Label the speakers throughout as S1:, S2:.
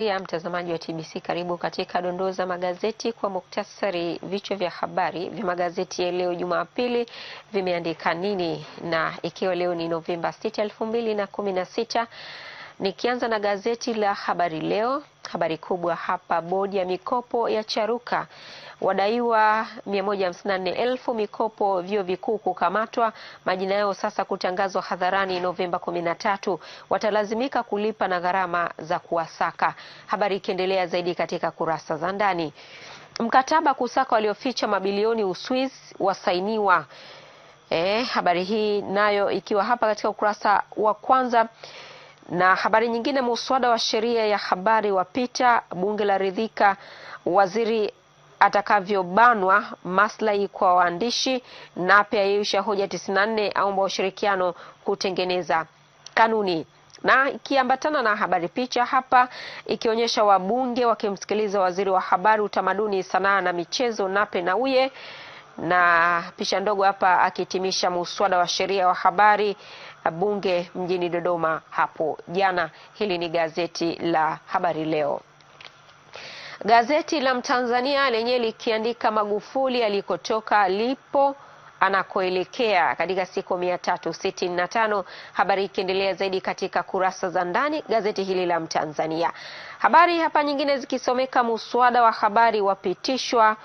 S1: Ya mtazamaji wa TBC karibu katika dondoo za magazeti kwa muktasari. Vichwa vya habari vya magazeti ya leo Jumapili vimeandika nini, na ikiwa leo ni Novemba 6, 2016. Nikianza na gazeti la Habari Leo Habari kubwa hapa, bodi ya mikopo ya charuka wadaiwa 154,000 mikopo vyuo vikuu kukamatwa, majina yao sasa kutangazwa hadharani Novemba 13. Watalazimika kulipa na gharama za kuwasaka. Habari ikiendelea zaidi katika kurasa za ndani. Mkataba kusaka walioficha mabilioni Uswizi wasainiwa. Eh, habari hii nayo ikiwa hapa katika ukurasa wa kwanza. Na habari nyingine, muswada wa sheria ya habari wapita bunge la ridhika waziri atakavyobanwa maslahi kwa waandishi. Nape aiisha hoja 94, aomba ushirikiano kutengeneza kanuni na ikiambatana na habari, picha hapa ikionyesha wabunge wakimsikiliza waziri wa habari, utamaduni, sanaa na michezo Nape Nnauye, na picha ndogo hapa akihitimisha muswada wa sheria wa habari bunge mjini Dodoma hapo jana. Hili ni gazeti la Habari Leo. Gazeti la Mtanzania lenye likiandika Magufuli alikotoka lipo anakoelekea katika siku mia tatu sitini na tano. Habari ikiendelea zaidi katika kurasa za ndani gazeti hili la Mtanzania. Habari hapa nyingine zikisomeka muswada wa habari wapitishwa,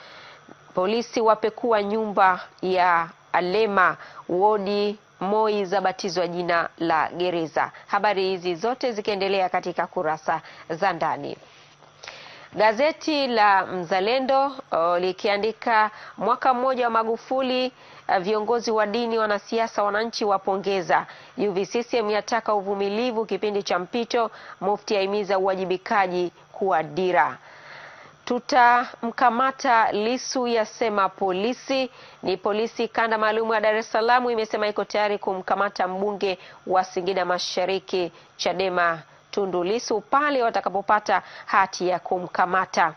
S1: polisi wapekua nyumba ya Alema, wodi Moi zabatizwa jina la gereza. Habari hizi zote zikiendelea katika kurasa za ndani. Gazeti la Mzalendo uh, likiandika mwaka mmoja wa Magufuli, uh, viongozi wa dini, wanasiasa, wananchi wapongeza. UVCCM yataka uvumilivu kipindi cha mpito, Mufti ahimiza uwajibikaji kuwa dira. Tutamkamata ya yasema polisi. Ni polisi kanda maalum ya Dar es Salaam imesema iko tayari kumkamata mbunge wa Singida Mashariki Chadema Tundu lisu pale watakapopata hati ya kumkamata.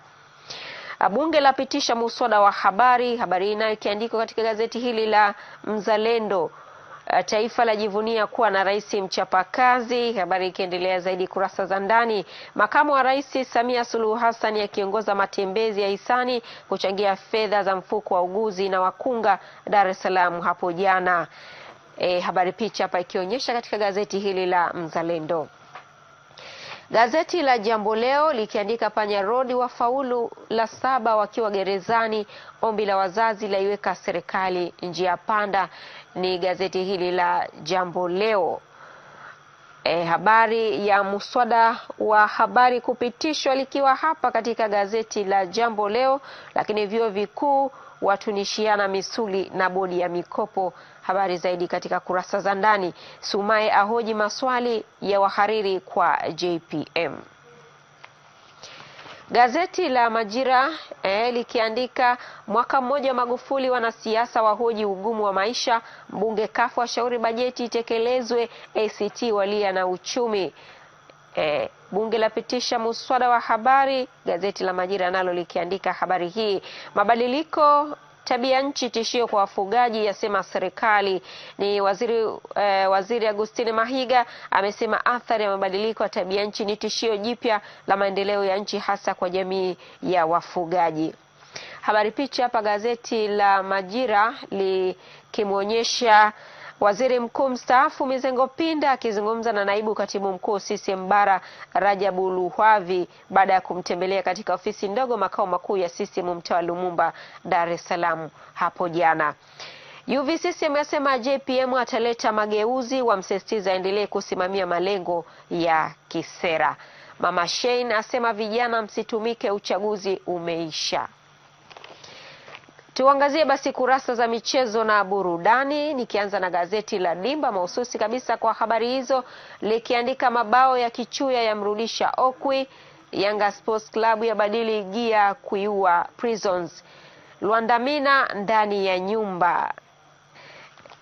S1: Bunge lapitisha muswada wa habari, habari inayo ikiandikwa katika gazeti hili la Mzalendo. Eh, taifa lajivunia kuwa na rais mchapakazi. Habari ikiendelea zaidi kurasa za ndani. Makamu wa Rais Samia Suluhu Hassan akiongoza matembezi ya hisani kuchangia fedha za mfuko wa uguzi na wakunga Dar es Salaam hapo jana. E, habari picha hapa ikionyesha katika gazeti hili la Mzalendo. Gazeti la Jambo Leo likiandika panya rodi faulu la saba wakiwa gerezani, ombi la wazazi laiweka serikali njia panda ni gazeti hili la Jambo Leo. E, habari ya muswada wa habari kupitishwa likiwa hapa katika gazeti la Jambo Leo, lakini vyuo vikuu watunishiana misuli na bodi ya mikopo. Habari zaidi katika kurasa za ndani. Sumaye ahoji maswali ya wahariri kwa JPM. Gazeti la Majira eh, likiandika mwaka mmoja Magufuli, wanasiasa wahoji ugumu wa maisha, mbunge kafu washauri bajeti itekelezwe, ACT walia na uchumi. Eh, bunge lapitisha muswada wa habari. Gazeti la Majira nalo likiandika habari hii, mabadiliko Tabia nchi tishio kwa wafugaji, yasema serikali. Ni waziri eh, waziri Agustine Mahiga amesema athari ya mabadiliko ya tabia nchi ni tishio jipya la maendeleo ya nchi, hasa kwa jamii ya wafugaji. Habari picha hapa, gazeti la Majira likimwonyesha Waziri Mkuu mstaafu Mizengo Pinda akizungumza na naibu katibu mkuu CCM Bara Rajabu Luhavi baada ya kumtembelea katika ofisi ndogo makao makuu ya CCM mtaa wa Lumumba, Dar es Salaam hapo jana. UVCCM yasema JPM ataleta mageuzi, wamsisitiza aendelee kusimamia malengo ya kisera. Mama Shein asema vijana msitumike, uchaguzi umeisha. Tuangazie basi kurasa za michezo na burudani, nikianza na gazeti la Dimba mahususi kabisa kwa habari hizo, likiandika mabao ya Kichuya yamrudisha Okwi, Yanga Sports Club yabadili gia kuiua Prisons, Lwandamina ndani ya nyumba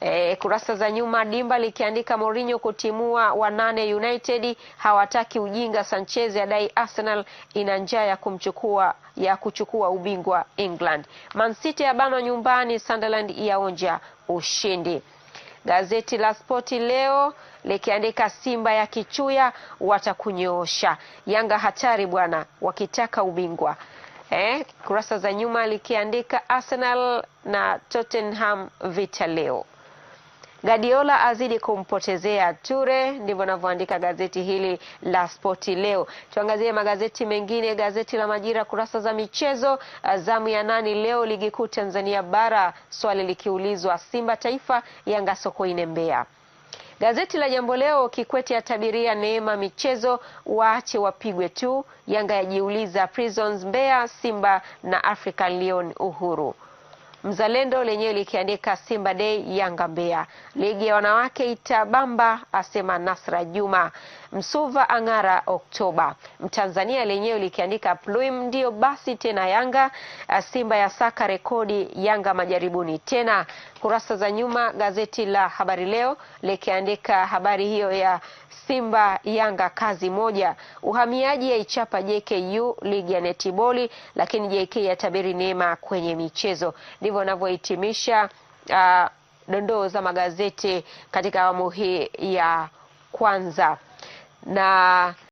S1: E, kurasa za nyuma Dimba likiandika Mourinho kutimua wanane United hawataki ujinga. Sanchez adai Arsenal ina njaa ya kumchukua ya kuchukua ubingwa England. Man City yabanwa nyumbani, Sunderland yaonja ushindi. Gazeti la Spoti leo likiandika Simba ya kichuya watakunyoosha, Yanga hatari bwana, wakitaka ubingwa eh. Kurasa za nyuma likiandika Arsenal na Tottenham vita leo. Guardiola azidi kumpotezea Ture, ndivyo anavyoandika gazeti hili la Spoti Leo. Tuangazie magazeti mengine, gazeti la Majira kurasa za michezo, zamu ya nani leo, ligi kuu Tanzania Bara, swali likiulizwa Simba Taifa, Yanga Sokoine Mbeya. Gazeti la Jambo Leo, Kikwete atabiria neema michezo, waache wapigwe tu. Yanga yajiuliza Prisons Mbeya, Simba na African Lion Uhuru. Mzalendo lenyewe likiandika Simba Day Yanga Mbeya. Ligi ya wanawake itabamba asema Nasra Juma. Msuva ang'ara Oktoba. Mtanzania lenyewe likiandika Pluim ndio basi tena Yanga. Eh, Simba ya saka rekodi Yanga majaribuni tena. Kurasa za nyuma gazeti la Habari Leo likiandika habari hiyo ya Simba Yanga kazi moja. Uhamiaji ichapa JKU ligi ya netiboli, lakini JK yatabiri neema kwenye michezo. Divu ndivyo wanavyohitimisha uh, dondoo za magazeti katika awamu hii ya kwanza na